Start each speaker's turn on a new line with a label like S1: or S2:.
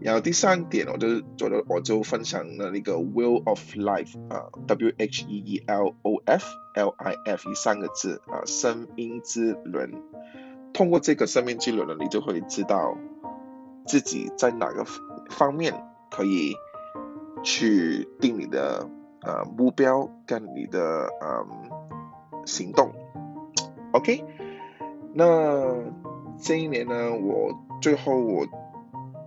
S1: 然後第三點我就覺得我就分享了那個 wheel of life 啊、uh，W H E E L O F L I F E 三個字啊，生命之輪，通過這個生命之輪呢，你就會知道自己在哪個方面可以去定你的、呃、目標跟你的嗯、呃、行動。OK，那這一年呢，我最後我。